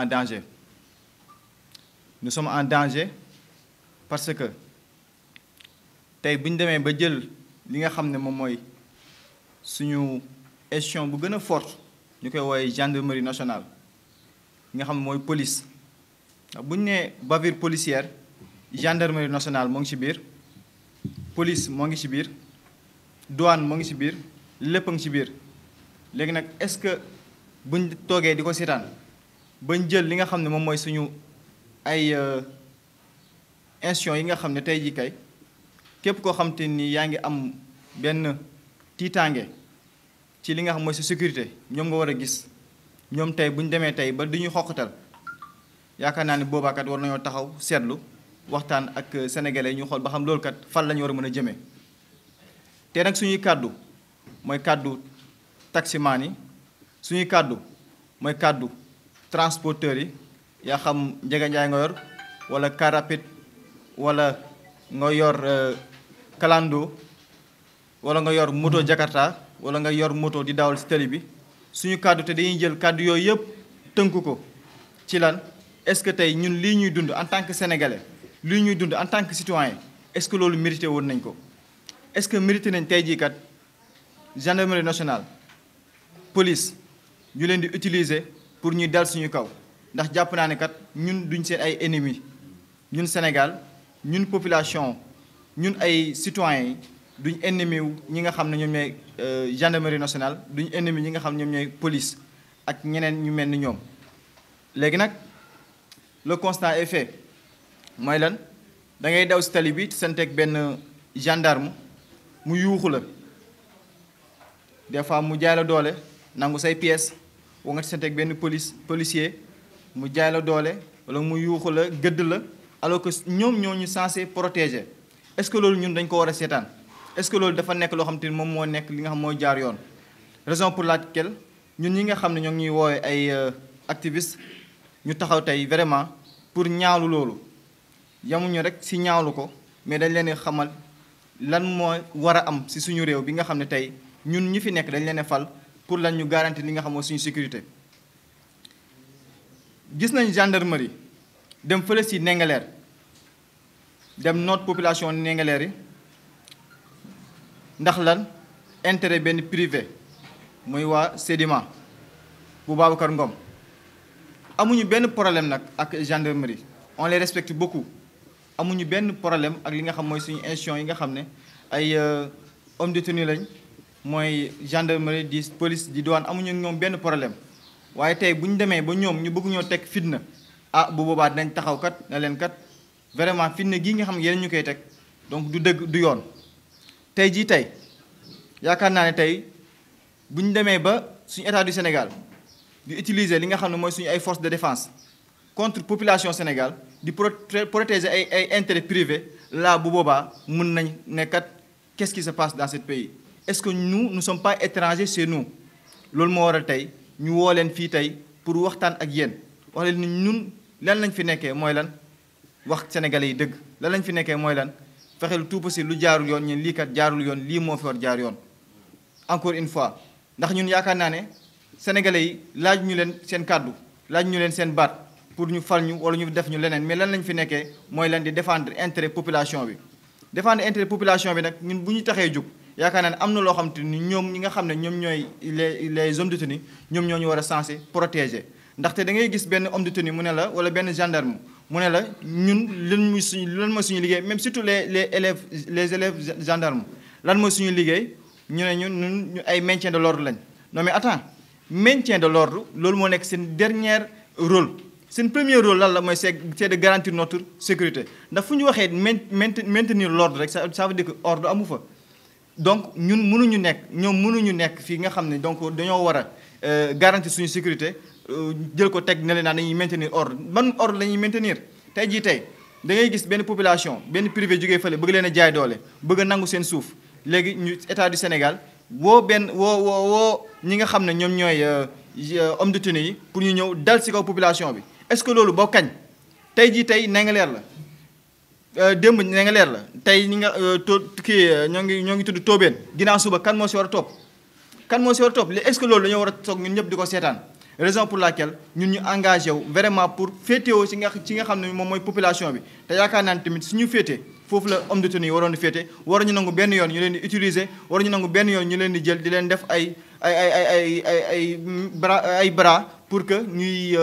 en danger. Nous sommes en danger parce que tey buñ demee ba jël li nga xam ne moom mooy suñu estion bu gën a fort ñu koy woowee gendarmerie nationale nga xam ne mooy police ndax bu ñu nee bavure policière gendarmerie nationale moo ngi ci biir police moo ngi ci biir douane moo ngi ci biir lépp a ngi ci biir léegi nag est-ce que buñ toogee di ko seetaan bañ jël li nga xam ne moom mooy suñu ay euh, institutions yi nga xam ne tey jii kay képp koo xam te nii yaa ngi am benn tiitaange ci li nga xam mooy sa sécurité ñoom nga war a gis ñoom tey bu ñu demee tey ba du ñu xoqatal yaakaar naa ne boobaakat war nañoo taxaw seetlu waxtaan ak euh, sénégalais ñu xool ba xam loolu kat fan la ñu war a mën a jëmee. te nag suñuy kàddu mooy kàddu taximaan yi suñuy kàddu mooy kàddu. transporteurs yi yaa xam njeganjaay nga yor wala car rapide wala nga yor euh, kalando wala nga yor moto mm-hmm. jakarta wala nga yor moto di dawal si tali bi suñu kàddu te dañuy jël kàddu yooyu yëpp tënk ko ci lan est-ce que tey ñun lii ñuy dund en tant que sénégalais lii ñuy dund en tant que citoyen est-ce que loolu mérité woon nañ ko est-ce que mérité nañ tey jii kat gendarmerie nationale police ñu leen di utiliser pour ñuy dal suñu kaw ndax jàpp naa ne kat ñun duñ seen ay ennemis ñun Sénégal ñun population ñun ay citoyens duñ ennemi wu ñi nga xam ne ñoom ñooy euh, gendarmerie nationale duñ ennemi ñi nga xam ne ñoom ñooy police ak ñeneen ñu mel ni ñoom. léegi nag le constat est mooy lan da ngay daw si tali bi santeeg benn gendarme mu yuuxu la des fois mu jaay la doole nangu say pièces. wa nga seeteeg benn police policier mu jaay la doole wala mu yuuxu la gëdd la alors que ñoom ñoo ñu censé protéger est-ce que loolu ñun dañ ko war a seetaan est-ce que loolu dafa nekk loo xam te ni moom moo nekk li nga xam mooy jaar yoon. raison pour laquelle ñun ñi nga xam ne ñoo ngi ñuy woowee ay euh, activistes ñu taxaw tey vraiment pour ñaawlu loolu yamuñu rek si ñaawlu ko mais dañ leen xamal lan moo war a am si suñu réew bi nga xam ne tey ñun ñi fi nekk dañ leen fal. pour lan ñu garantir li nga xamoo suñu sécurité gis nañ gendarmerie dem fële si Ndingler dem noot population Ndingler yi ndax lan intérêt benn privé mooy waa Sedima bu Babacar Ngom amuñu benn problème nag ak gendarmerie on les respecte beaucoup amuñu benn problème ak li nga xam mooy suñu institution yi nga xam ne ay euh, hommes de tenue lañ mooy gendarmerie di police di douane amuñu ñoom benn problème waaye tey bu ñu demee ba ñoom ñu bëgg ñoo teg fitna ah bu boobaa dañ taxaw kat ne leen kat vraiment fitna gii nga xam ne ñu koy teg donc du dëgg du yoon. tey jii tey yaakaar naa ne tey bu ñu demee ba suñu état Sénégal di utiliser li nga xam ne mooy suñu ay force de défense contre population Sénégal di protéger ay ay intérêt privé là bu boobaa mun nañ ne kat qu'est-ce qui se passe dans ce pays. est-ce que nous nu sommes pas étrangers chez nu loolu moo waral tey ñu woo leen fii tey pour waxtaan ak yéen wax leen ni ñun lan lañ fi nekkee mooy lan wax sénégalais yi dëgg lan lañ fi nekkee mooy lan fexeel tout possible lu jaarul yoon ñun lii kat jaarul yoon lii moo fi war jaar yoon. encore une fois ndax ñun yaakaar naa ne sénégale yi laaj ñu leen seen kàddu laaj ñu leen seen baat pour ñu fal ñu wala ñu def ñu leneen mais lan lañ fi nekkee mooy lan di défendre intérêt population bi. défendre intérêt population bi nag ñun bu ñu taxee jóg. yaakaar naa ne am na loo xam te ni ñoom ñi nga xam ne ñoom ñooy le les hommes de tenue ñoom ñoo ñu war a censé protéger ndaxte da ngay gis benn homme de tenue mu ne la wala benn gendarme mu ne la ñun lan muy suñu lan mooy suñu liggéey même surtout les les élèves les élèves gendarmes lan mooy suñu liggéey ñu ne ñun ñun ay maintien de l'ordre lañ non mais attends maintien de l'ordre loolu moo nekk seen dernier rôle seen premier rôle lan la mooy c'est c'est de sécurité ndax fu ñu waxee maintenir l'ordre rek ça veut dire que ordre amu fa donc ñun munuñu nekk ñoom mënuñu nekk fii nga xam ne donc dañoo war a euh, garantir suñu sécurité euh, jël ko teg ne leen naan dañuy maintenir ordre man ordre la ñuy maintenir tey jii tey dangay gis benn population benn privé jógee fële bëgg leen a jaay doole bëgg nangu seen suuf léegi ñu état du Sénégal woo benn woo woo woo ñi nga xam ne ñoom ñooy euh, homme de tenue yi pour ñu ñëw dal ci kaw population bi est-ce que loolu boo kañ tey jii tey na nga la Euh, démb ne nga leer la tey ñi nga euh, to kii euh, ñoo ngi ñoo ngi tudd Tobène ginnaaw suba kan moo si war a topp kan moo si war a topp li est-ce que loolu dañoo war a toog ñun ñëpp di ko seetaan raison pour laquelle ñun ñu engagé wu vraiment pour féetewoo si nga ci nga xam ne moom mooy population bi te yaakaar naa ne tamit suñu féete foofu la homme de tenue yi waroon di féete waruñu nangu benn yoon ñu leen di utiliser waruñu nangu benn yoon ñu leen di jël di leen def ay ay ay ay ay ay bras pour que ñuy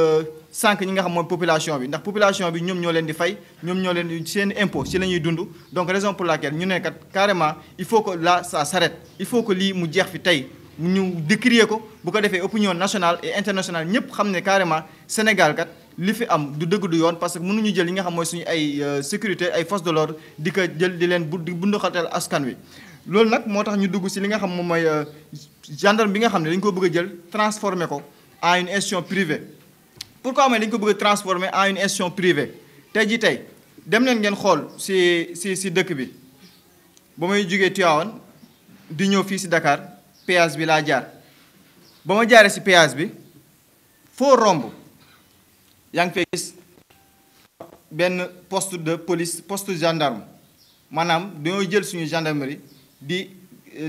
sànq ñi nga xam mooy population bi ndax population bi ñoom ñoo leen di fay ñoom ñoo leen di seen impôt ci la ñuy dund donc raison pour laquelle ñu ne kat il faut que la ça s'arrête il faut que lii mu jeex fi tey ñu décrier ko bu ko defee opinion nationale et internationale ñëpp xam ne carrément Sénégal kat li fi am du dëgg du yoon parce que nu ñu jël li nga xam mooy suñu ay euh, sécurité ay force de l'ordre di ko jël di leen bu di bunduxatal askan wi. loolu nag moo tax ñu dugg ci li nga xam moom mooy euh, gendarme bi nga xam ne dañu ko bëgg a jël transformer ko en une institution privée. pourquoi mooy dañu ko bëgg a transformer en une institution privée tey jii tey dem leen ngeen xool si si si dëkk bi ba may jógee Tivaouane di ñëw fii si dakaar péage bi laa jaar ba ma jaaree si péage bi foo romb yaa ngi fay gis benn post de police poste gendarme maanaam dañoo jël suñu gendarmerie di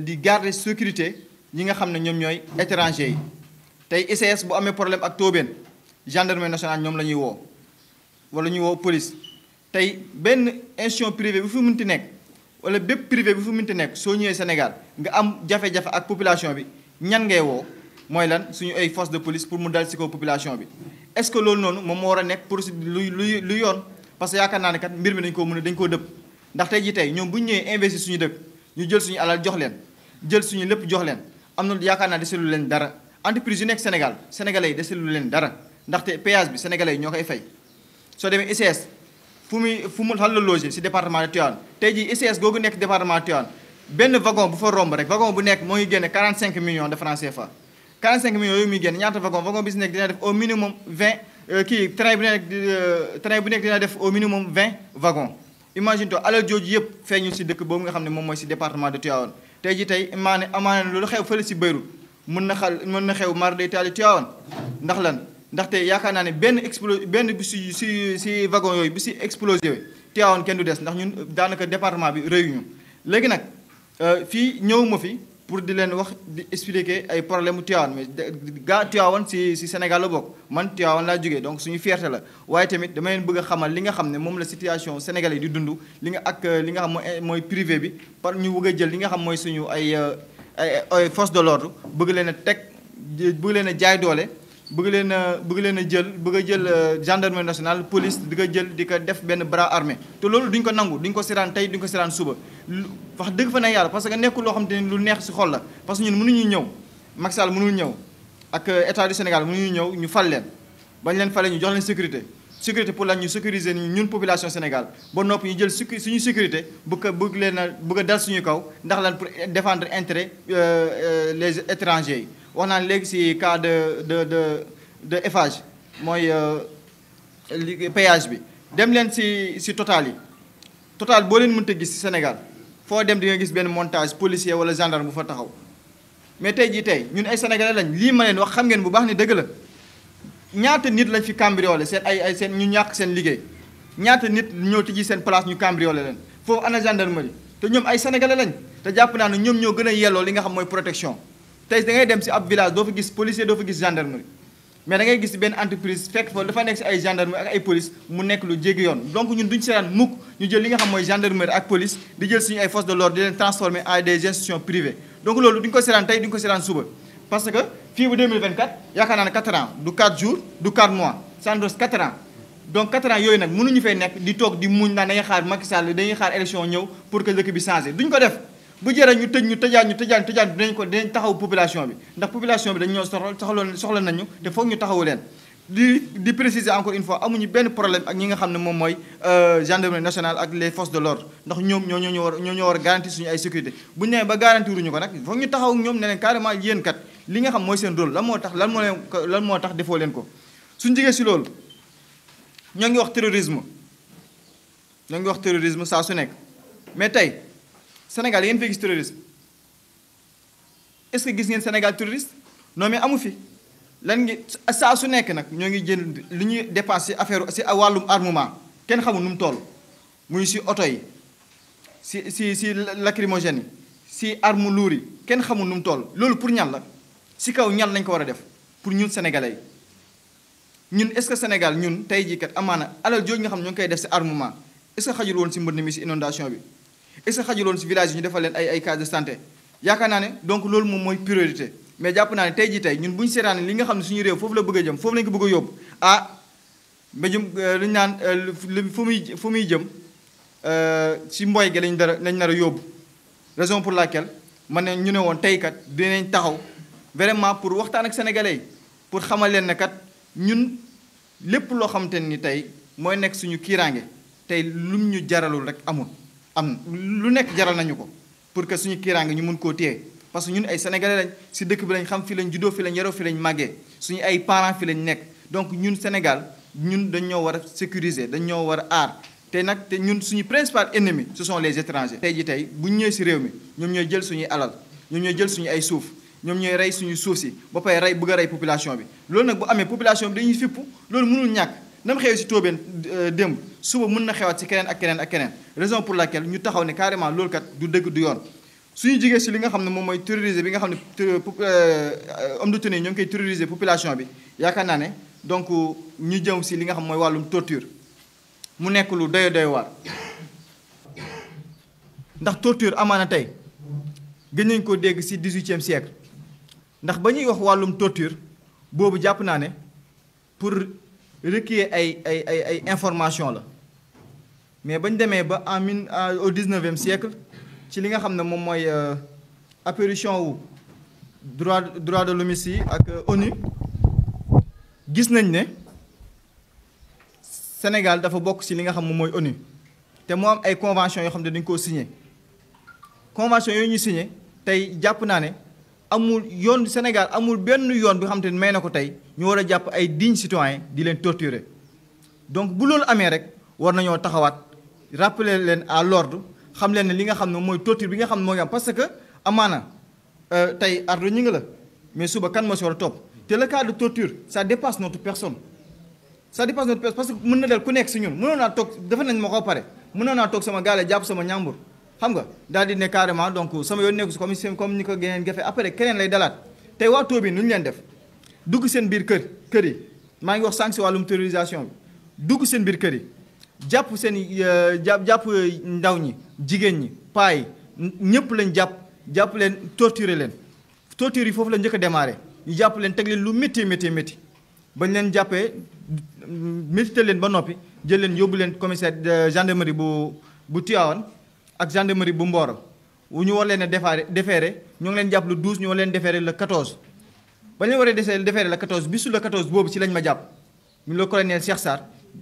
di garder sécurité ñi nga xam ne ñoom ñooy étranger yi tey ICS bu amee problème ak Tobène gendarmerie nationale ñoom la ñuy woo wala ñuy woo police tey benn institution privée bu fi ti nekk wala bépp privé bu fi ti nekk soo ñëwee Sénégal nga am jafe-jafe ak population bi ñan ngay woo mooy lan suñu ay force de police pour mu dal si ko population bi est-ce loolu noonu moom moo war a nekk procédure lu lu lu yoon parce que yaakaar naa ne mbir mi nañ koo mun a dañ koo dëpp ndax tey jii tey ñoom bu ñu ñëwee investir suñu dëkk ñu jël suñu ala jox leen jël suñu lépp jox leen am na yaakaar naa deselu leen dara entreprise yu nekk Sénégal sénégalais yi deselu leen dara ndaxte péage bi sénégalais yi ñoo koy fay soo demee ICS fu muy fu mu xal la logé si département de Tivaouane tey jii ICS nekk département de benn wagon bu fa romb rek wagon bu nekk moo ngi génne 45 millions de francs CFA 45 millions yooyu muy génne ñaata wagon wagon bi si nekk bu euh, nekk euh, train bu nekk dina def au minimum 20 jooju yëpp feeñu si dëkk boobu nga xam ne moom mooy si département de Tivaouane tey jii tey maane amaane loolu xew fële si Beyrouth mën na xal mën na xew mar day taali Tivaouane ndax lan ndaxte yaakaar naa ne benn explo benn bi si si si wagon yooyu bi si explosé teewoon kenn du des ndax ñun daanaka département bi réunion léegi nag euh, fii ñëw ma fi pour di leen wax di expliquer ay problème mu Tivaouane mais gaa Tivaouane si si Sénégal bokk man Tivaouane laa jógee donc suñu fierté la waaye tamit dama leen bëgg a xamal li nga xam ne moom la situation yi di dund li nga ak euh, li nga xam mooy privé bi par ñu bëgg a jël li nga xam mooy suñu ay euh, ay de l'ordre bëgg leen a teg bëgg leen a jaay doole bëgg leen a bëgg leen a jël bëgg a jël euh, gendarmerie nationale police di ko jël di ko def benn bras armé te loolu duñ ko nangu duñ ko siraan tey duñ ko siraan suba wax dëgg fa ne yàlla parce que nekkul loo xam ne lu neex si xol la parce que ñun mënuñu ñëw Macky Sall mënul ñëw ak euh, état du Sénégal mënuñu ñëw ñu fal leen bañ leen fale ñu jox leen sécurité sécurité pour la ñu sécuriser ñun population Sénégal ba noppi ñu jël suñu suñuy sécurité bëgg bëgg leen a bëgg a dal kaw ndax lan pour défendre intérêt euh, les étrangers yi wax naan léegi si cas de de de de Eiffage mooy euh, péage bi dem leen si si total yi total boo leen mënta gis si Sénégal foo dem di nga gis benn montage policier wala gendarme bu fa taxaw mais tey jii tey ñun ay sénégalais lañ lii ma leen wax xam ngeen bu baax ni dëgg la ñaata nit lañ fi cambriolé seen ay ay seen ñu ñàkk seen liggéey ñaata nit ñoo tijji seen place ñu cambriolé leen foofu ana gendarmerie te ñoom ay sénégalais lañ te jàpp naa ne ñoom ñoo gën a yelloo li nga xam mooy protection. tey dangay dem si ab village doo fa gis policier doo fa gis gendarmerie mais da ngay gis benn entreprise fekk fa dafa nekk si ay gendarmerie ak ay police mu nekk lu jéggi yoon donc ñun duñ seetaan mukk ñu jël li nga xam mooy gendarmerie ak police di jël suñu ay forces de l'ordre di leen transformer en des institutions privées donc loolu duñ ko seetaan tey duñ ko seetaan suba parce que fii bu 2024 yaakaar naa ne 4 ans du 4 jours du toog di muñ naan dañuy xaar Macky Sall dañuy xaar élection ñëw pour que dëkk ko def bu jëree ñu tëj ñu tëjaan ñu tëjaan tëjaan dinañ ko dinañ taxaw population bi ndax population bi dañ ñoo soxla soxla soxla nañu te foog ñu taxawu leen di di préciser encore une fois amuñu benn problème ak ñi nga xam ne moom mooy euh, gendarmerie nationale ak les forces de l'ordre ndax ñoom ñoo ñoo war ñoo ñoo war a garantir suñu ay sécurité bu ñu nee ba garantiruñu ko nag foog ñu taxaw ñoom ne leen carrément kat li nga xam mooy seen rôle lan moo tax lan moo leen lan moo tax defoo leen ko suñu jigee si loolu ñoo ngi wax terrorisme ñoo ngi wax terrorisme saa su nekk mais tey Sénégal yéen fee gis terroriste est-ce que gis ngeen Sénégal terroriste non mais amu fi lan ngi saa su nekk nag ñoo ngi jël li ñuy dépassé affaire si wàllum armement kenn xamul nu mu toll muy si oto yi si si si lacrymogène yi si arme luur yi kenn xamul nu mu toll loolu pour ñan la si kaw ñan lañ ko war a def pour ñun sénégalais yi ñun est-ce que Sénégal ñun tey jii kat amaana alal jooju nga xam ñoo ngi koy def si armement est-ce xajul woon si mbënd mi si inondation bi est ce que xajuloon si village yi ñu defal leen ay ay cas de santé yaakaar naa ne donc loolu moom mooy priorité mais jàpp naa ne tey jii tey ñun bu ñu seetaan li nga xam ne suñu réew foofu la bëgg a jëm foofu lañ ko bëgg a yóbbu ah mbéjum euh, euh, lu naan fu muy fu muy jëm si euh, mboy gi lañ dara lañ nar a yóbbu raison pour laquelle ma ne ñu ne woon tey kat dinañ taxaw vraiment pour waxtaan ak sénégalais pour xamal leen ne kat ñun lépp loo xamante ni tey mooy nekk suñu kiiraange tey lum ñu jaralul rek amul. am lu nekk jaral nañu ko pour que suñu kiiraange ñu mun koo téye parce que ñun ay sénégalais lañ si dëkk bi lañ xam fi lañ juddoo fi lañ yaroo fi lañ màggee suñu ay parents fi lañ nekk donc ñun Sénégal ñun dañ ñoo war a sécuriser dañ ñoo war a aar tey nag te ñun suñu principal ennemi ce sont les étrangers. tey ji tey bu ñu ñëwee si réew mi ñoom ñooy jël suñuy alal ñoom ñooy jël suñu ay suuf ñoom ñooy rey suñu suuf si ba pare rey bëgg a rey population bi loolu nag bu amee population bi dañuy loolu mënul ñàkk. nam xew si tóobeen euh, démb suba mun na xewaat ci keneen ak keneen ak keneen raison pour laquelle ñu taxaw ne carrément loolu kat du dëgg du yoon suñu jigee si li nga xam ne moom mooy terroriser bi nga xam ne euh, euh, homme de tenue ngi koy terroriser population bi yaakaar naa ne donc ñu jëm si li nga xam mooy wàllum torture mu nekk lu doy doy waar ndax torture amaana tey gën nañ koo dégg si dix-huitième siècle ndax ba ñuy wax wàllum torture boobu jàpp naa ne pour requis ay ay ay ay information la mais bañ demee ba en mille euh, au dix-neuvième siècle ci li nga xam ne moom mooy euh, apparition wu droit droit de l'homme yi ak euh, ONU gis nañ ne Sénégal dafa bokk ci li nga xam moom mooy ONU te moo am ay convention yoo xam ne dañ koo signé convention yooyu ñu signé tey jàpp naa ne amul yoon Sénégal amul benn yoon bi xam te ne may na ko tey ñu war a jàpp ay dignes citoyens di leen torturer donc bu loolu amee rek war nañoo taxawaat rappeler leen à l'ordre xam leen ne li nga xam ne mooy torture bi nga xam ne moo ngi am parce que amaana euh, tey ardo ñi ngi la mais suba kan moo war a topp te le cas de torture ça dépasse notre personne ça dépasse notre personne parce que mën na dal ku nekk si ñun mënoon naa toog defe nañ ma ko pare mënoon naa toog sama gaale jàpp sama ñàmbur xam nga daal di ne carrément donc sama yoon nekku si comme comme ni ko geneen gafe après keneen lay dalaat tey waa Tobine nu ñu leen def dugg seen biir kër kër yi maa ngi wax sànq si wàllum terrorisation bi dugg seen biir kër jàpp seen euh, jàpp jàpp ndaw ñi jigéen ñi paa yi ñëpp lañ jàpp jàpp leen torturer leen torture yi foofu la njëkk a ñu jàpp leen teg leen lu métti métti métti bañ leen jàppee métti leen ba noppi jël leen yóbbu leen commissaire euh, gendarmerie bu bu Tivaouane ak gendarmerie bu mboora wu ñu war leen a defaare defeere ñoo ngi leen jàpp le 12 war leen defeere la 14. ba ñu leen war a desee defeere le 14 bisu le 14 boobu ci lañ ma jàpp ñu le colonel Cheikh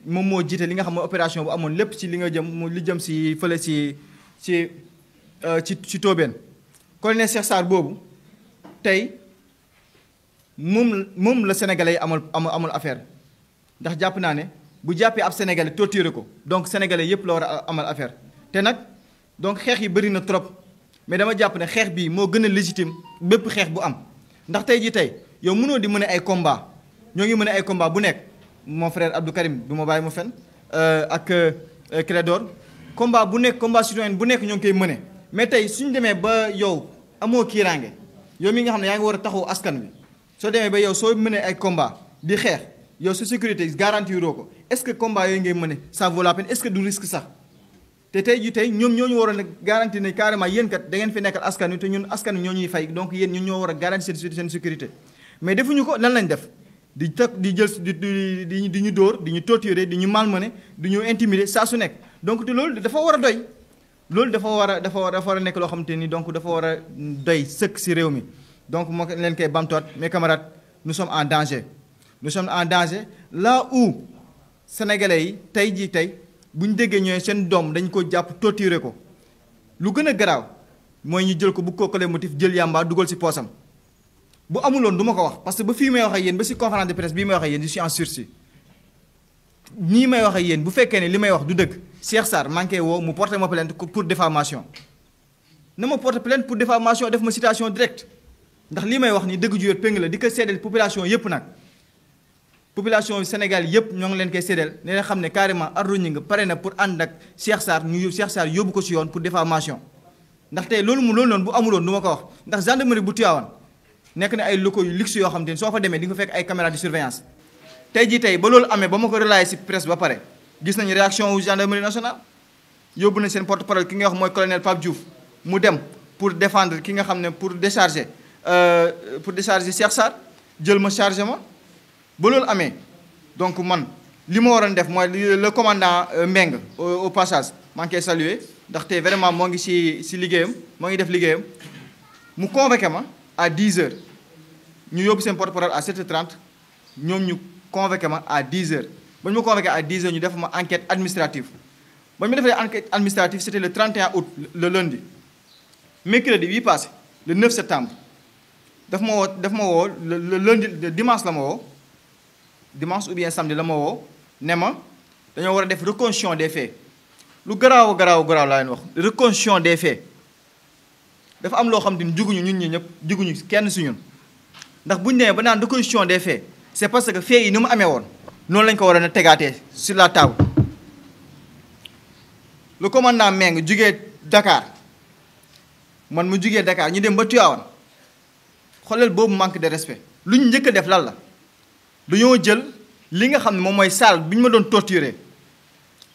moom moo jiite li nga xam ne opération bu amoon lépp ci li nga jëm mu li jëm si fële si ci euh, ci ci Tobène colonel Cheikh Sarr boobu tey moom la sénégalais yi amul amul amul affaire ndax jàpp naa ne bu jàppee ab sénégalais torturé ko donc sénégalais yëpp la war a amal affaire te nag. donc xeex yi bëri na trop mais dama jàpp ne xeex bii moo gën a légitime bépp xeex bu am ndax tey ji tey yow mënoo di mën ay combat ñoo ngi mën ay combat bu nekk mon frère Abdou Karim du ma bàyyi ma fen euh, ak euh, Clédor combat bu nekk combat citoyen bu nekk ñoo ngi koy mëne mais tey suñu demee ba yow amoo kiiraange yow mi nga xam ne yaa ngi war a taxaw askan wi soo demee ba yow soo mënee ay combat di xeex yow sa sécurité garantiroo ko est-ce que combat yooyu ngay mëne ça vaut la peine est risque sax te tey ji tey ñoom ñoo ñu waroon a garanti ne carrément yéen kat da fi nekkal askan wi te ñun askan wi ñoo ñuy fay donc yéen ñun ñoo war a garanti seen seen sécurité mais defuñu ko lan lañ def di tag di jël di di ñu dóor di ñu torturer di ñu malmener di ñu intimider saa su nekk donc te loolu dafa war a doy loolu dafa war a dafa war dafa war a nekk loo xamante ni donc dafa war a doy sëkk si réew mi donc moo leen koy bamtuwaat mes camarades nous sommes en danger nous sommes en danger là où sénégalais yi tey jii tey bu ñu déggee ñooy seen doom dañ ko jàpp torturer ko lu gën a garaaw mooy ñu jël ko bu kokkalee motif jël yàmbaa dugal si poosam bu amuloon du ma ko wax parce que ba fii may wax ak yéen ba si conférence de presse bii may wax ak yéen je suis en nii may wax ak yéen bu fekkee ne li may wax du dëgg Cheikh Sarr manqué woo mu porté ma plainte pour diffamation na ma porté plainte pour diffamation def ma citation directe ndax lii may wax nii dëgg ju wér di ko seedeel population yépp nag population Sénégal yëpp ñoo ngi leen koy séddal ne leen xam ne carrément Ardo Gningue pare na pour ànd ak Cheikh Sarr ñu Cheikh Sarr yóbbu ko ci yoon pour diffamation ndaxte loolu mu loolu noonu bu amuloon du ma ko wax ndax gendarmerie bu Tivaouane nekk na ay locaux yu luxe yoo xam te ne soo fa demee di nga fa fekk ay caméra de surveillance tey jii tey ba loolu amee ba ma ko relayé ci presse ba pare gis nañu réaction wu gendarmerie nationale yóbbu na seen porte parole ki nga wax mooy colonel Pape Diouf mu dem pour défendre ki nga xam ne pour décharger euh, pour décharger Cheikh Sarr jël ma chargé ma ba loolu amee donc man li ma waroon def mooy le commandant euh, Mbengue au passage maa ngi saluer ndaxte vraiment moo ngi si si liggéeyam moo ngi def liggéeyam mu convoqué ma à 10 heures ñu yóbbu seen porte à 7h30 ñu convoqué ma à 10 heures ba ñu ma convoqué à ñu def ma enquête administrative ba ñu ma defee enquête administrative le 31 août le lundi mercredi bii passé le 9 septembre daf ma woo daf ma woo le lundi dimanche la ma woo dimanche ou bien samedi la ma woo ne ma dañoo war a def reconstitution des faits lu garaaw garaaw garaw laa leen wax reconstitution des faits dafa am loo xam ne juguñu ñun ñi ñëpp juguñu kenn si ñun ndax bu ñu nee ba naan reconstitution des faits c'est parce que faits yi ni mu amee woon noonu lañ ko war a tegaatee sur la table le commandant Meng jugee Dakar man mu jugee dakaar ñu dem ba Tivaouane xoolal boobu manque de respect lu ñu njëkk a def lan la dañoo jël li nga xam ne moom mooy salle bi ñu ma doon torturer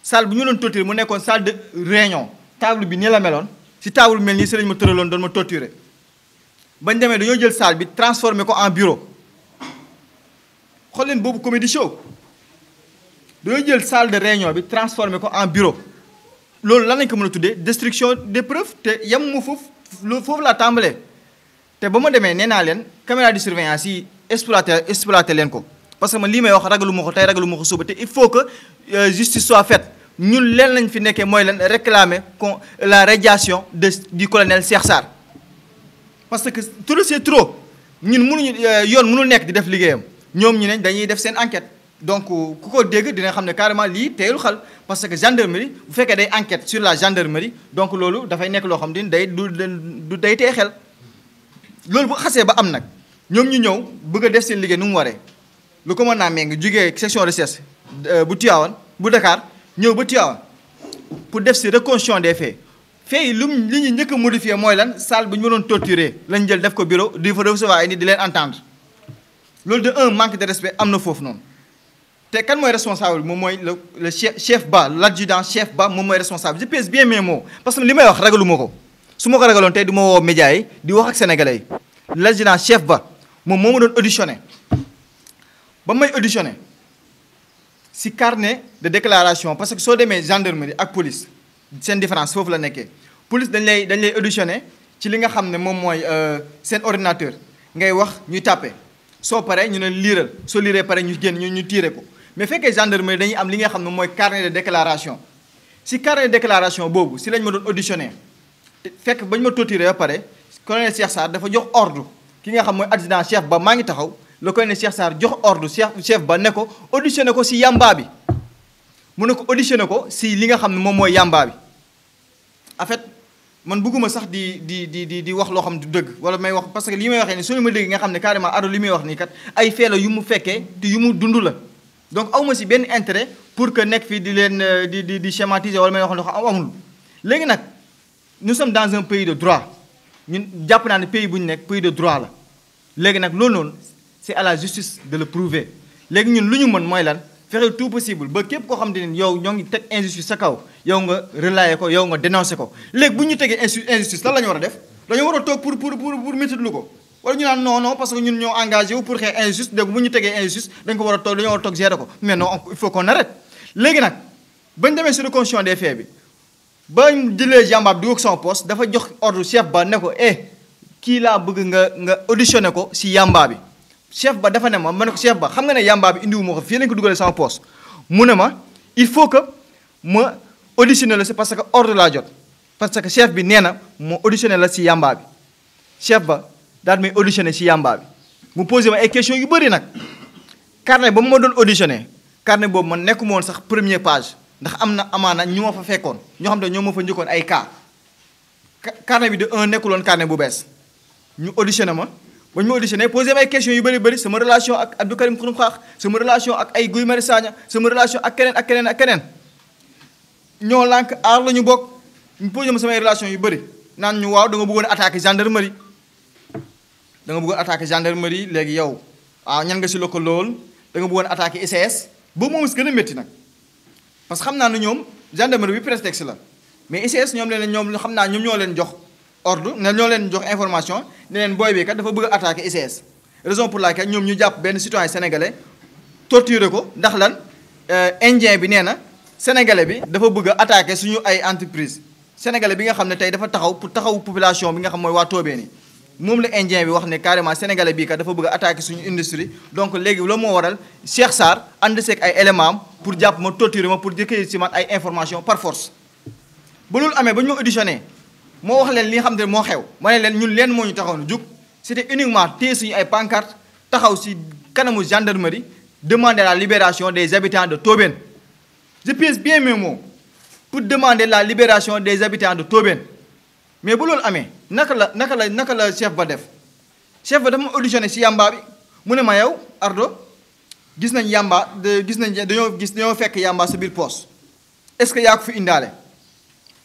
salle bi ñu ma doon torturer mu nekkoon salle de réunion table bi nii la meloon si table mel nii si lañ ma tëraloon doon ma torturer bañ demee dañoo jël salle bi transformé ko en bureau xool leen boobu comédie show dañoo jël salle de réunion bi transformé ko en bureau loolu lan lañ ko mën a tuddee destruction des preuves te yem mu foofu laa tàmbalee te ba ma demee nee naa leen caméra de surveillance yi exploité leen ko parce que man lii may wax ragalu ma ko tey ragalu ma ko suba te il faut que euh, justice soit fait ñun leen lañ fi nekkee mooy leen réclamer con la radiation de di colonel Cheikh saar parce que trop c'est trop ñun mënuñu euh, yoon mënul nekk di def liggéeyam ñoom ñu ne dañuy def seen enquête donc euh, ku ko dégg dina xam ne carrément lii teeyul xal parce que gendarmerie bu fekkee day enquête sur la gendarmerie donc loolu dafay nekk loo xam ne day du du day tee xel loolu bu xasee ba am nag ñoom ñu ñëw bëgg a def seen nu mu waree lu ko mën naa méng jugee section recherche euh, bu Tivaouane bu Dakar ñëw ba Tivaouane pour def si reconstitution des faits faits yi lu li ñu njëkk a mooy lan salle bu ñu mënoon torturé lañ jël def ko bureau di fa recevoir ay di leen entendre loolu de un manque de respect am na foofu noonu. te kan mooy responsable bi moom mooy le le chef chef ba l' adjudant chef ba moom mooy responsable je pèse bien mes mots parce que li may wax ragalu ko su ma ko ragaloon tey du ma woo média yi di wax ak sénégalais yi l' adjudant chef ba moom moo ma doon auditionné. ba mooy auditionné si carnet de déclaration parce que soo demee gendarmerie ak police seen différence foofu la nekkee police dañ lay dañ lay auditionné ci li nga xam ne moom mooy euh, seen ordinateur ngay wax ñuy tàppe soo paree ñu ne liiral soo liiree pare ñu génn ñu ñu tiire ko mais fekkee gendarmerie dañuy am li nga xam ne mooy carnet de déclaration si carnet déclaration boobu si lañ ma doon auditionné fekk ba ñu ma torturé ba pare colonel Cheikh Sarr dafa jox ordre ki nga xam mooy adjudant ba maa ngi taxaw la koy ne Cheikh saar jox ordre Cheikh chef ba ne ko ne ko si yamba bi mu ne ko auditionné ko si li nga xam ne moom mooy yamba bi en fait man bëgguma sax di di di di di wax loo xam du dëgg wala may wax parce que li may waxee ni suñu ma dégg nga xam ne carrément ado li may wax nii kat ay fee yu mu fekkee te yu mu dund la donc awma si benn intérêt pour que nekk fii di leen di di di schématiser may wax loo xam amul léegi nag nous sommes dans en pays de droit ñun jàpp ne pays bu ñu nekk pays de droit léegi nag loolu noonu c'est à la justice de le prouver léegi ñun lu ñu mën mooy lan fexe tout possible ba képp koo xam ne yow ñoo ngi teg injustice sa kaw yow nga relayé ko yow nga dénoncé ko léegi bu ñu tegee injustice lan la ñu war a def dañu war a toog pour pour pour pour métitlu ko wala non parce que ñun ñoo engagé wu pour xeex injustice dégg bu ñu tegee ko war a toog dañoo war a toog gérer ko mais non il faut léegi nag bañ demee sur le conscient des faits ba jëlee jàmbaab di wëg son poste dafa jox ordre chef ba ne ko eh kii laa bëgg nga nga auditionné ko si yamba bi chef ba dafa ne ma ma ne ko chef ba xam nga ne yamba bi indiwu ma ko fii lañ ko dugalee sama poos mu ne ma il faut que ma auditionné la si parce que ordre laa jot parce que chef bi nee na ma auditionné la si yamba bi chef ba daal may auditionné si yamba bi mu posé ma ay questions yu bëri nag carnet ba mu ma doon auditionné carnet boobu man nekkuma woon sax premier page ndax am na amaana ñu ma fa fekkoon ñoo xam ne ñoo ma fa njëkkoon ay cas carnet bi de un nekkuloon carnet bu bees ñu auditionné ma ba ñu ma auditionné posé may question yu bëri bëri sama relation ak Abdou Karim Xrum Xax sama relation ak ay Guy Marius Sagna relation ak keneen ak keneen ak keneen ñoo lànk aar la ñu bokk ñu posé ma samay relation yu bëri naan ñu waaw da nga attaque attaqué gendarmerie da nga bëggoon attaqué gendarmerie léegi yow waaw ah, ñan nga si lokal lool da nga bëggoon attaqué ICS boobu moom si gën a métti nag parce que xam naa ne ñoom gendarmerie bi prétexte la mais ICS ñoom leen ñoom xam naa ñoom ñoo leen jox ordre ne ñoo leen jox information ne leen booy bi kat dafa bëgg attaque attaquer ICS raison pour ñoom ñu jàpp benn citoyen sénégalais torturer ko ndax lan euh, indien bi nee na sénégalais bi dafa bëgg a attaquer suñu ay entreprise sénégalais bi nga xam ne tey dafa taxaw pour taxaw population bi nga xam mooy waa toobeen yi moom la indien bi wax ne carrément sénégale bii kat dafa bëgg a attaquer suñu industrie donc léegi loolu moo waral Cheikh Sarr ànd seeg ay éléments pour jàpp ma torturer ma pour jëkkëyit si man ay information par force ba loolu amee ba ñu ma auditionné moo wax leen li nga xam ne moo xew ma ne leen ñun leen moo ñu taxaw na jug c'était uniquement téye suñu ay pancarte taxaw si kanamu gendarmerie demander la libération des habitants de Tobène je pèse bien mes mots pour demander la libération des habitants de Tobène mais bu loolu amee naka la naka la naka la chef ba def chef ba dafa ma auditionné si yamba bi mu ne ma yow Ardo gis nañ yamba gis nañ dañoo gis dañoo fekk yamba sa biir poos est-ce que yaa ko fi indaale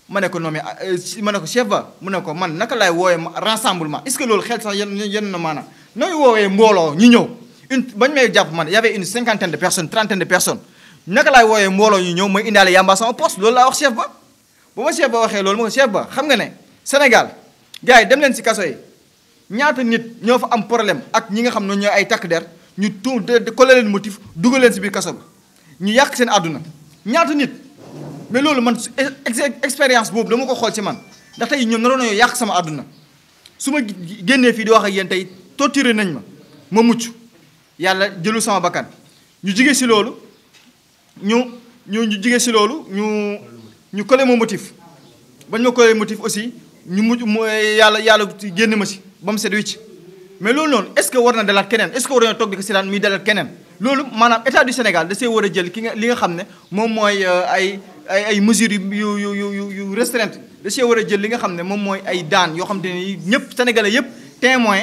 ma ne ko non ah, euh, ma ne ko chef ba mu ne ko man naka laay woowee rassemblement est ce que loolu xel sax yenn yenn na maanaam nooy woowee mbooloo ñu ñëw bañ may jàpp man y avait une cinquantaine de personnes trentaine de personnes naka laay wooyee mbooloo ñu ñëw mooy indaale yàmbaa sama poste loolu laa wax chef ba bu ma chef ba waxee loolu ma ko chef ba xam nga ne Sénégal gars yi dem leen si kaso yi ñaata nit ñoo fa am problème ak ñi nga xam ne ñooy ay takk der ñu tout de coller leen motif dugal leen si biir kaso ba ñu yàq seen àdduna ñaata nit mais loolu man expérience boobu dama ko xool ci man ndax tey ñoom naroon nañoo yàq sama àdduna su ma génnee fii di wax ak yéen tey torturé nañ ma ma mucc yàlla jëlu sama bakkan ñu jige si loolu ñu ñu ñu jige si loolu ñu ñu collé ma motif bañ ma collé motif aussi ñu mujj mu yàlla yàlla génn ma si ba mu set wicc mais loolu noonu est-ce que war na dalaat keneen est-ce que war nañoo toog di ko seetaan muy dalaat keneen loolu maanaam état du Sénégal da see war a jël ki nga li nga xam ne moom mooy euh, ay ay ay mesures yu yu yu yu restreinte da see war a jël li nga xam ne moom mooy ay daan yoo xam te ne ñëpp sénégalais yëpp témoin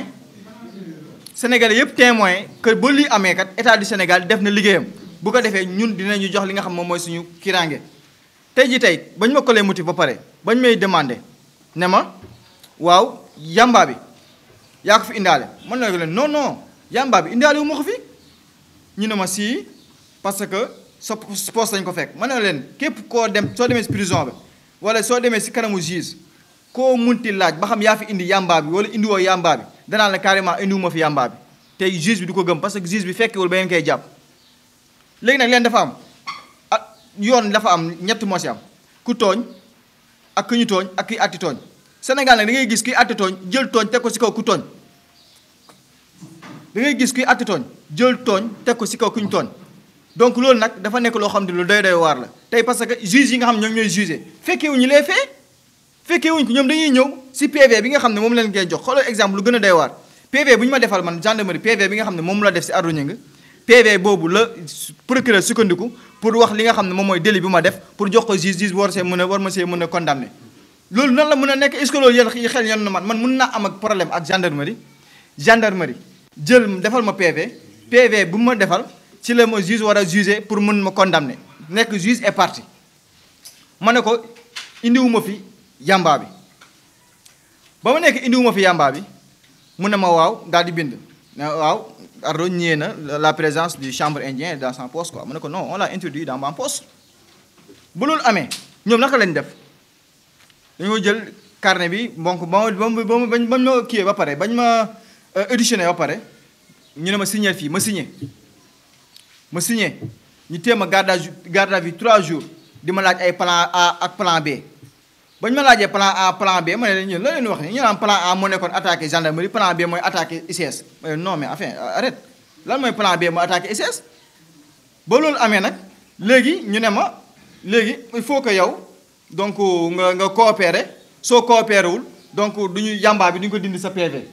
sénégalais yëpp témoin que ba lii amee kat état du Sénégal def na liggéeyam bu ko defee ñun ñu jox li nga xam moom mooy suñu kirange tey ji tey bañ ma kolee motif ba pare bañ may demandé ne ma waaw yamba bi yaa ko fi indaale man na leen non non yamba bi indaale wu ma ko fi ñu ne ma sii parce que sa poste lañ ko fekk ma ne leen képp koo dem soo demee si prison bi wala soo demee si kanamu juge koo munti laaj ba xam yaa fi indi yàmbaa bi wala indiwoo yàmbaa bi danaa la carrément indiwuma fi yàmbaa bi te juge bi du ko gëm parce que juge bi fekkiwul ba ngeen koy jàpp léegi nag leen dafa am ak ah, yoon dafa am ñett moo si am ku tooñ ak ku ñu tooñ ak kuy atti tooñ Sénégal nag da ngay gis kuy atti tooñ jël tooñ teg ko si kaw ku tooñ ngay gis kuy atti jël tooñ teg si kaw ku ñu tooñ donc loolu nag dafa nekk loo xam ne waar la tey parce que juge yi nga xam ñoom ñooy jugé fekkee wuñu les fekkee wuñ ko ñëw si PV bi nga xam ne moom leen ngay jox xoolal exemple lu gën a doy waar PV bu ñu bi nga xam ne moom la def si Ardo Gningue PV la procureur sukkandiku pour wax li nga xam ne moom mooy délit bi ma def pour jox ko juge juge war see mën a ma see mën a condamné loolu nan la mën a nekk est-ce que loolu yéen xel yoon na man man mën naa am ak problème ak gendarmerie gendarmerie jël defal ma PV PV bu ma defal ci la ma juge war a juger pour mën ma condamner nekk juge et partie ma ne ko indiwuma fi yàmbaa bi ba ma nekk indiwuma fi yàmbaa bi mu ne ma waaw daal di bind waaw Ardo nié na la présence du chambre indien dans son poste quoi ma ne ko non on l'a introduit dans mon poste bu loolu amee ñoom naka lañ def dañoo jël carnet bi donc ba ma ba ma bañ ma kiiyee ba pare bañ ma euh, auditionné ba pare ñu ne ma signer fii ma signer ma signé ñu téem a garde à garde à vue trois jours di ma laaj ay plan A ak plan B ba ma laajee plan A plan B ma ne leen ñun la leen wax ne ñu naan palan A moo nekkoon attaqué gendarmerie plan B mooy attaqué ICS ma non mais enfin arrête lan mooy plan B mooy attaqué ICS ba loolu amee nag léegi ñu ne ma léegi il faut que yow donc nga nga coopérer soo coopéré wul donc du ñu yàmbaa bi du ko dindi sa PV.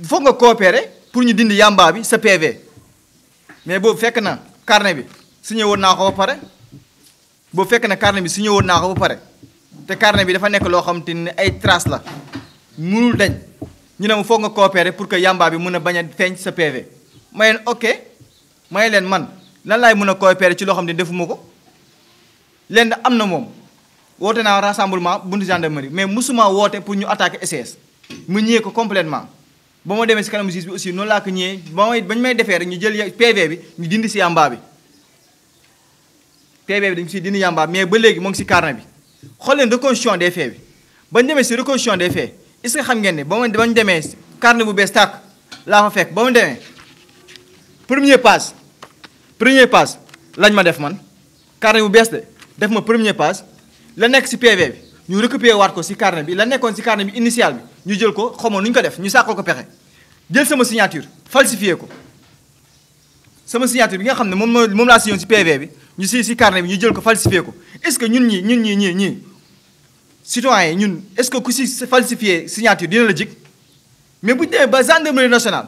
il faut nga coopérer pour ñu dindi yàmbaa bi PV. mais boobu fekk na carnet bi signé woon naa ko ba pare boobu fekk na carnet bi signé ñëwoon naa ko ba pare te carnet bi dafa nekk loo xam te ne ay trace la mënul dañ ñu ne ma foog nga coopérer pour que yamba bi mën a bañ a feeñ sa PV. may leen ok may leen man lan laay mën a coopérer ci loo xam ne defuma ko leen lenn am na moom woote naa rassemblement buntu gendarmerie mais musuma woote pour ñu attaquer SES mu ñëwee ko complètement ba ma demee si kanam justice bi aussi noonu laa ko ñëwee ba may bañ may defee rek ñu jël PV bi ñu dindi si yamba bi PV bi dañ si dindi yamba mais ba léegi moo ngi si carnet bi xool leen reconstitution des fee bi bañ demee si reconstitution des faits est-ce que xam ngeen ne ba ma bañ demee carnet bu bees tàkk laa fa fekk ba ma demee premier passe premier passe lañ ma def man carnet bu bees de def ma premier passe la nekk si PV bi ñu récupéré waat ko si carnet bi la nekkoon si carnet bi initial bi ñu jël ko xamoon nu ñu ko def ñu sàqal ko pexe jël sama signature falsifié ko sama signature bi nga xam ne moom moo moom laa si yoon si PV bi ñu si si carnet bi ñu jël ko falsifié ko est-ce que ñun ñi ñun ñi ñii ñii citoyen yi ñun est-ce que ku si falsifié signature dina la jig mais bu ñu demee ba gendarmerie national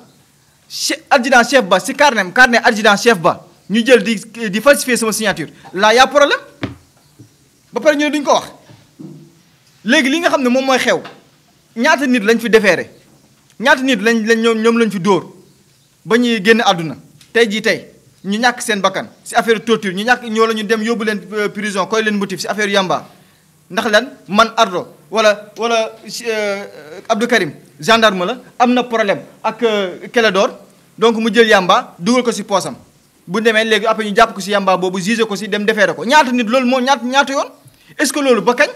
chef adjudant chef ba si carnet am carnet adjudant chef ba ñu jël di di falsifier sama signature là y a problème ba pare ñu ne duñ ko wax léegi li nga xam ne moom mooy xew. ñaata nit lañ fi defeere ñaata nit lañ lañ ñoom ñoom lañ fi dóor ba ñuy génn àdduna tey jii tey ñu ñàkk seen bakkan si affaire torture ñu ñàkk ñoo la ñu dem yóbbu leen euh, prison koy leen motif si affaire yamba ndax lan man Ardo wala wala euh, Abdou Karim gendarme la am na problème ak Clédor euh, donc mu jël yamba dugal ko si poosam bu demee léegi après ñu jàpp ko si yamba boobu jugé ko si dem defeere ko ñaata nit loolu moo ñaata ñaata yoon est-ce que loolu ba kañ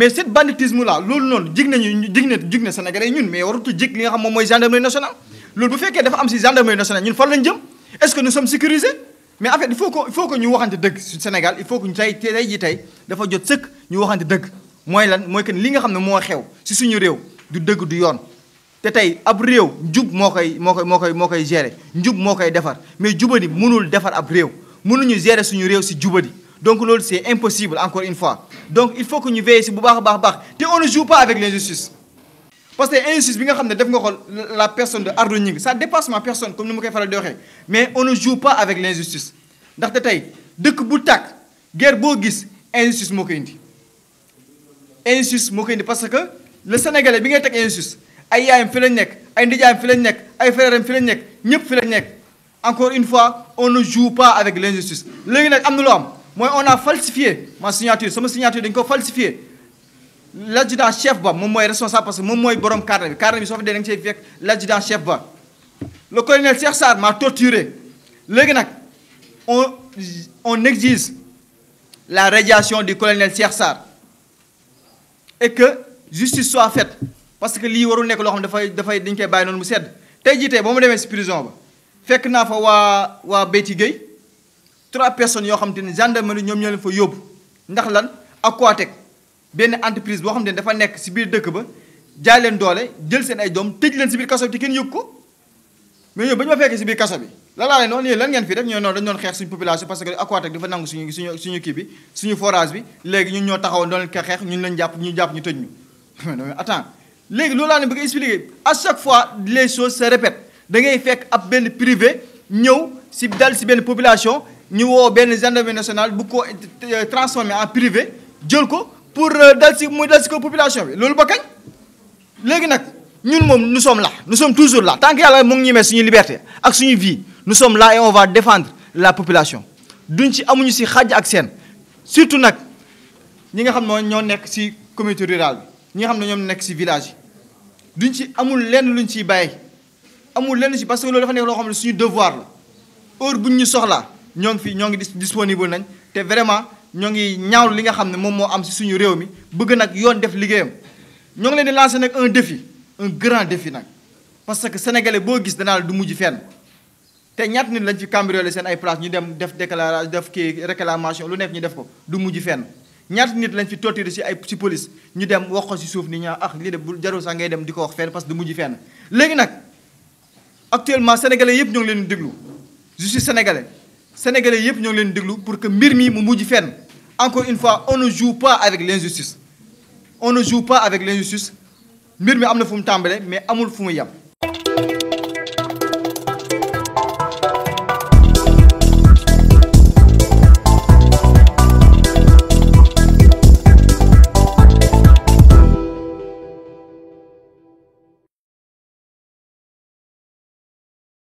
mais cette banditisme là loolu noonu jig nañu jig na jig na Sénégalais yi ñun mais waratu jig li nga xam moom mooy gendarmerie nationale loolu bu fekkee dafa am si gendarmerie nationale ñun fan lañ jëm est-ce que nous sommes sécurisés mais en fait il faut que il faut que ñu waxante dëgg su Sénégal il faut que ñu tey tey ji tey dafa jot sëkk ñu waxante dëgg mooy lan mooy que li nga xam ne moo xew si suñu réew du dëgg du yoon te tey ab réew njub moo koy moo koy moo koy moo koy gérer njub moo koy defar mais jubadi mënul defar ab réew mënuñu gérer suñu réew si jubadi donc loolu c'est impossible encore une fois donc il faut que ñu veiller si bu baax a baax baax te on ne joue pas que injustice bi nga xam ne def nga ko la personne de Ardo Gningue ça dépasse ma personne comme ni ma koy faral di waxee mais on ne tey dëkk bu tàkk guerre boo gis injustice moo koy indi injustice moo parce que le sénégalais bi ngay teg injustice ay yaayam fi lañ nekk ay ndijaayam fi lañ nekk ay frèram fi lañ nekk ñëpp fi lañ nekk encore une fois on ne joue pas avec l'injustice léegi nag am na lu am mooy on a falsifié ma signature sama signature dañ ko falsifié l'adjudant chef ba moom mooy responsable parce que moom mooy borom cadre bi cadre bi soo fa dee da nga cay fekk l'adjudant chef ba loo colonel Cheikh Sarr m'a torturé léegi nag on on exige la radiation du colonel Cheikh Sarr et que justice soit fait parce que lii warul nekk loo xam dafay dafay dañ koy bàyyi noonu mu sedd tey jii tey ba mu demee si prison ba fekk naa fa waa waa Béti Gueye trois personnes yoo xam te ne gendarmerie ñoom ñoo leen fa yóbbu ndax lan Aquatec benn entreprise boo xam te ne dafa nekk si biir dëkk ba jaay leen doole jël seen ay doom tëj leen si biir kaso bi te kenn yëg ko mais yow ba ñu ma fekkee si biir kaso bi la laa leen wax lan ngeen fi def ñoo noonu dañu doon xeex suñu population parce que Aquatec dafa nangu suñu suñu suñu kii bi suñu forage bi léegi ñun ñoo taxaw doon leen ko xeex ñun leen jàpp ñu jàpp ñu tëj ñu léegi loolu laa ne bëgg a à chaque fois les choses se da ngay fekk ab benn privé ñëw si dal si benn population ñu woo benn gendarmerie nationale bu ko transformé en privé jël ko pour euh, dal si muy dal si ko population bi loolu ba kañ. léegi nag ñun moom nu sommes là nous sommes toujours la tant que yàlla mu ngi ñemee suñu liberté ak suñu vie nous sommes la et on va défendre la population duñ ci amuñu si xàjj ak seen surtout nag ñi nga xam ne ñoo nekk si communauté rurale ñi xam ne ñoom nekk si village duñ ci amul lenn luñ ciy bàyyi amul lenn si parce que loolu dafa nekk loo xam ne suñu devoir la heure buñ ñu soxlaa. ñoo ngi fi ñoo ngi disponible nañ te vraiment ñoo ngi ñaawlu li nga xam ne moom moo am si suñu réew mi bëgg nag yoon def liggéeyam ñoo ngi leen di lancer nag un défi un grand défi que sénégalais boo gis danaa du mujj fenn te ñaata nit lañ fi cambriolé seen ay place ñu dem def déclaration def kii réclamation lu nekk ñu def ko du mujj fenn ñaat nit lañ fi torturé si ay si police ñu dem wax ko si suuf ni ñaa ah lii de bu jarul sax ngay dem di ko wax fenn parce que du mujj fenn léegi nag actuellement sénégalais yëpp ñoo ngi leen di déglu je suis sénégalais yëpp ñoo ngi leen déglu pour que mbir mi mu mujj fen encore une fois on ne joue pas avec l'injustice on ne joue pas avec l'injustice mbir mi am na fu mu tàmbalee mais amul fu mu yem.